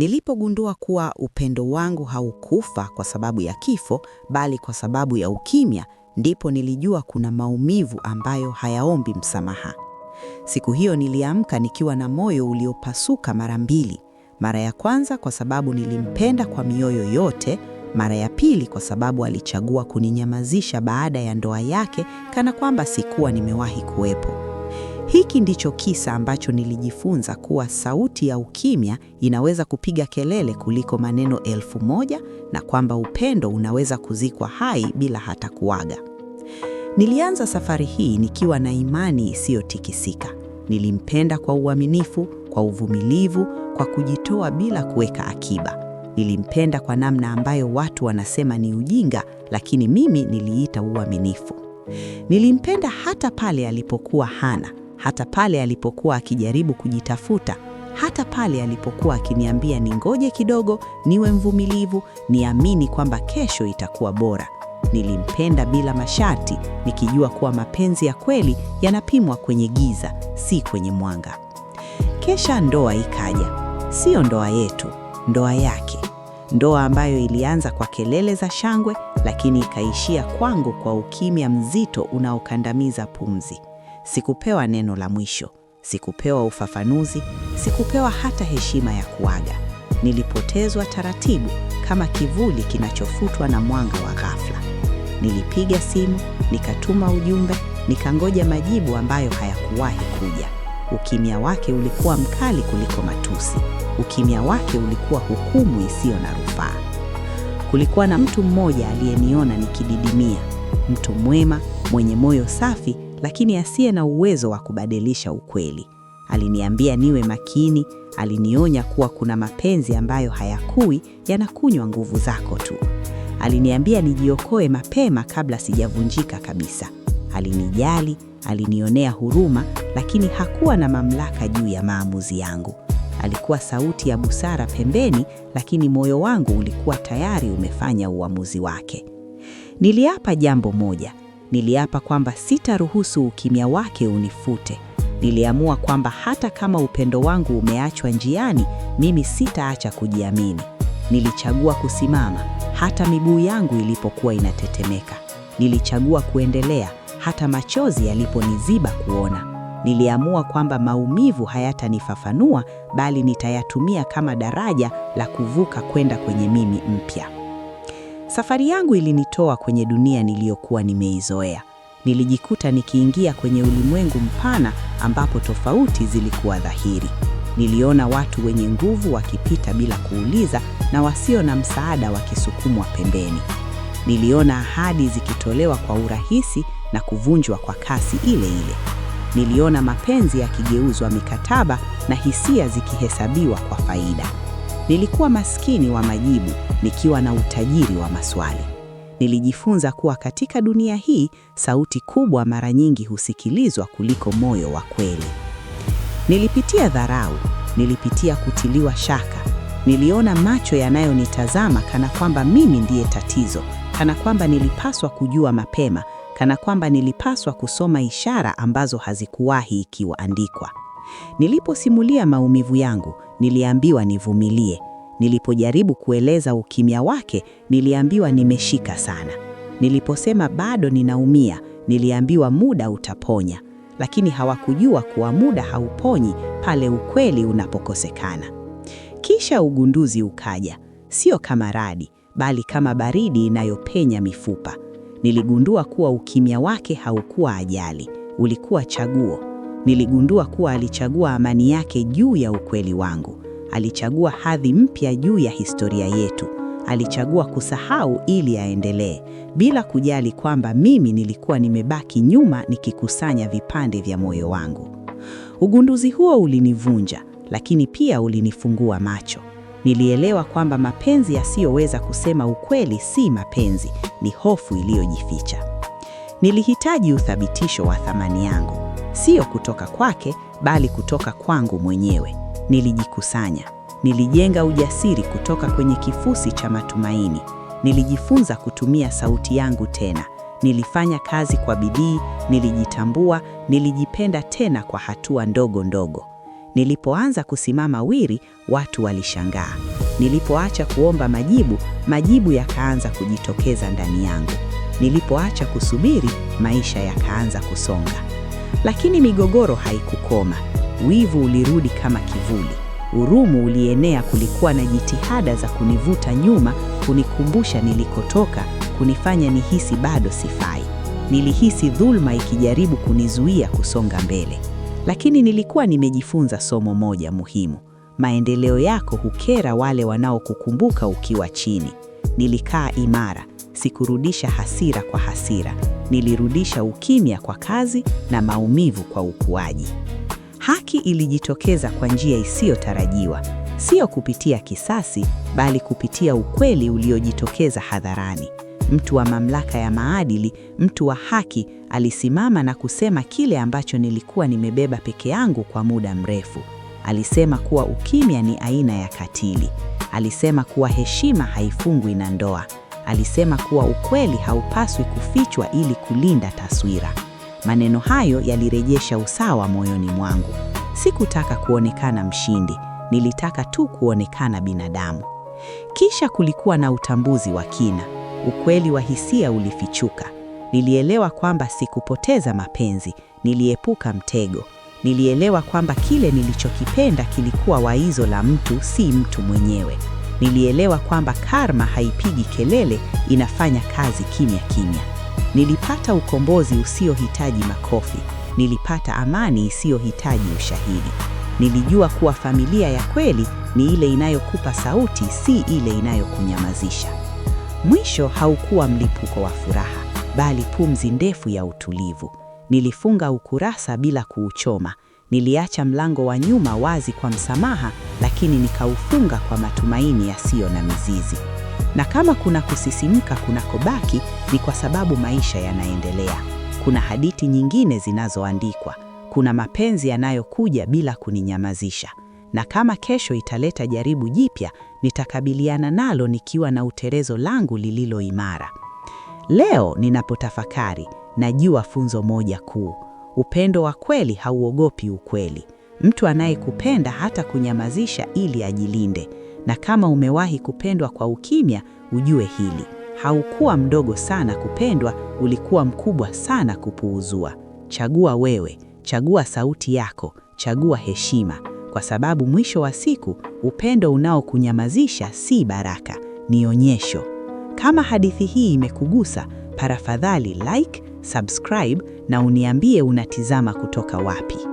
Nilipogundua kuwa upendo wangu haukufa kwa sababu ya kifo, bali kwa sababu ya ukimya, ndipo nilijua kuna maumivu ambayo hayaombi msamaha. Siku hiyo niliamka nikiwa na moyo uliopasuka mara mbili. Mara ya kwanza kwa sababu nilimpenda kwa mioyo yote, mara ya pili kwa sababu alichagua kuninyamazisha baada ya ndoa yake kana kwamba sikuwa nimewahi kuwepo. Hiki ndicho kisa ambacho nilijifunza kuwa sauti ya ukimya inaweza kupiga kelele kuliko maneno elfu moja na kwamba upendo unaweza kuzikwa hai bila hata kuaga. Nilianza safari hii nikiwa na imani isiyotikisika. Nilimpenda kwa uaminifu, kwa uvumilivu, kwa kujitoa bila kuweka akiba. Nilimpenda kwa namna ambayo watu wanasema ni ujinga, lakini mimi niliita uaminifu. Nilimpenda hata pale alipokuwa hana hata pale alipokuwa akijaribu kujitafuta, hata pale alipokuwa akiniambia ningoje kidogo, niwe mvumilivu, niamini kwamba kesho itakuwa bora. Nilimpenda bila masharti, nikijua kuwa mapenzi ya kweli yanapimwa kwenye giza, si kwenye mwanga. kesha ndoa ikaja, siyo ndoa yetu, ndoa yake, ndoa ambayo ilianza kwa kelele za shangwe, lakini ikaishia kwangu kwa ukimya mzito unaokandamiza pumzi. Sikupewa neno la mwisho, sikupewa ufafanuzi, sikupewa hata heshima ya kuaga. Nilipotezwa taratibu kama kivuli kinachofutwa na mwanga wa ghafla. Nilipiga simu, nikatuma ujumbe, nikangoja majibu ambayo hayakuwahi kuja. Ukimya wake ulikuwa mkali kuliko matusi. Ukimya wake ulikuwa hukumu isiyo na rufaa. Kulikuwa na mtu mmoja aliyeniona nikididimia, mtu mwema mwenye moyo safi lakini asiye na uwezo wa kubadilisha ukweli. Aliniambia niwe makini, alinionya kuwa kuna mapenzi ambayo hayakui, yanakunywa nguvu zako tu. Aliniambia nijiokoe mapema kabla sijavunjika kabisa. Alinijali, alinionea huruma, lakini hakuwa na mamlaka juu ya maamuzi yangu. Alikuwa sauti ya busara pembeni, lakini moyo wangu ulikuwa tayari umefanya uamuzi wake. Niliapa jambo moja, Niliapa kwamba sitaruhusu ukimya wake unifute. Niliamua kwamba hata kama upendo wangu umeachwa njiani, mimi sitaacha kujiamini. Nilichagua kusimama hata miguu yangu ilipokuwa inatetemeka. Nilichagua kuendelea hata machozi yaliponiziba kuona. Niliamua kwamba maumivu hayatanifafanua bali nitayatumia kama daraja la kuvuka kwenda kwenye mimi mpya. Safari yangu ilinitoa kwenye dunia niliyokuwa nimeizoea. Nilijikuta nikiingia kwenye ulimwengu mpana ambapo tofauti zilikuwa dhahiri. Niliona watu wenye nguvu wakipita bila kuuliza na wasio na msaada wakisukumwa pembeni. Niliona ahadi zikitolewa kwa urahisi na kuvunjwa kwa kasi ile ile. Niliona mapenzi yakigeuzwa mikataba na hisia zikihesabiwa kwa faida. Nilikuwa maskini wa majibu nikiwa na utajiri wa maswali. Nilijifunza kuwa katika dunia hii sauti kubwa mara nyingi husikilizwa kuliko moyo wa kweli. Nilipitia dharau, nilipitia kutiliwa shaka. Niliona macho yanayonitazama kana kwamba mimi ndiye tatizo, kana kwamba nilipaswa kujua mapema, kana kwamba nilipaswa kusoma ishara ambazo hazikuwahi ikiwaandikwa. Niliposimulia maumivu yangu, niliambiwa nivumilie. Nilipojaribu kueleza ukimya wake, niliambiwa nimeshika sana. Niliposema bado ninaumia, niliambiwa muda utaponya. Lakini hawakujua kuwa muda hauponyi pale ukweli unapokosekana. Kisha ugunduzi ukaja, sio kama radi, bali kama baridi inayopenya mifupa. Niligundua kuwa ukimya wake haukuwa ajali, ulikuwa chaguo. Niligundua kuwa alichagua amani yake juu ya ukweli wangu. Alichagua hadhi mpya juu ya historia yetu. Alichagua kusahau ili aendelee, bila kujali kwamba mimi nilikuwa nimebaki nyuma nikikusanya vipande vya moyo wangu. Ugunduzi huo ulinivunja, lakini pia ulinifungua macho. Nilielewa kwamba mapenzi yasiyoweza kusema ukweli si mapenzi, ni hofu iliyojificha. Nilihitaji uthabitisho wa thamani yangu sio kutoka kwake, bali kutoka kwangu mwenyewe. Nilijikusanya, nilijenga ujasiri kutoka kwenye kifusi cha matumaini, nilijifunza kutumia sauti yangu tena, nilifanya kazi kwa bidii, nilijitambua, nilijipenda tena kwa hatua ndogo ndogo. Nilipoanza kusimama wiri, watu walishangaa. Nilipoacha kuomba majibu, majibu yakaanza kujitokeza ndani yangu. Nilipoacha kusubiri, maisha yakaanza kusonga. Lakini migogoro haikukoma. Wivu ulirudi kama kivuli. Urumu ulienea. Kulikuwa na jitihada za kunivuta nyuma, kunikumbusha nilikotoka, kunifanya nihisi bado sifai. Nilihisi dhulma ikijaribu kunizuia kusonga mbele, lakini nilikuwa nimejifunza somo moja muhimu: maendeleo yako hukera wale wanaokukumbuka ukiwa chini. Nilikaa imara, sikurudisha hasira kwa hasira, nilirudisha ukimya kwa kazi na maumivu kwa ukuaji. Haki ilijitokeza kwa njia isiyotarajiwa, sio kupitia kisasi, bali kupitia ukweli uliojitokeza hadharani. Mtu wa mamlaka ya maadili, mtu wa haki, alisimama na kusema kile ambacho nilikuwa nimebeba peke yangu kwa muda mrefu. Alisema kuwa ukimya ni aina ya katili. Alisema kuwa heshima haifungwi na ndoa alisema kuwa ukweli haupaswi kufichwa ili kulinda taswira. Maneno hayo yalirejesha usawa moyoni mwangu. Sikutaka kuonekana mshindi, nilitaka tu kuonekana binadamu. Kisha kulikuwa na utambuzi wa kina. Ukweli wa hisia ulifichuka. Nilielewa kwamba sikupoteza mapenzi, niliepuka mtego. Nilielewa kwamba kile nilichokipenda kilikuwa waizo la mtu, si mtu mwenyewe nilielewa kwamba karma haipigi kelele, inafanya kazi kimya kimya. Nilipata ukombozi usiohitaji makofi, nilipata amani isiyohitaji ushahidi. Nilijua kuwa familia ya kweli ni ile inayokupa sauti, si ile inayokunyamazisha. Mwisho haukuwa mlipuko wa furaha, bali pumzi ndefu ya utulivu. Nilifunga ukurasa bila kuuchoma. Niliacha mlango wa nyuma wazi kwa msamaha, lakini nikaufunga kwa matumaini yasiyo na mizizi. Na kama kuna kusisimka kunakobaki, ni kwa sababu maisha yanaendelea. Kuna hadithi nyingine zinazoandikwa, kuna mapenzi yanayokuja bila kuninyamazisha. Na kama kesho italeta jaribu jipya, nitakabiliana nalo nikiwa na uterezo langu lililo imara. Leo ninapotafakari, najua funzo moja kuu. Upendo wa kweli hauogopi ukweli. Mtu anayekupenda hata kunyamazisha ili ajilinde. Na kama umewahi kupendwa kwa ukimya, ujue hili, haukuwa mdogo sana kupendwa, ulikuwa mkubwa sana kupuuzua. Chagua wewe, chagua sauti yako, chagua heshima, kwa sababu mwisho wa siku upendo unaokunyamazisha si baraka, ni onyesho. Kama hadithi hii imekugusa, parafadhali like, subscribe na uniambie unatizama kutoka wapi.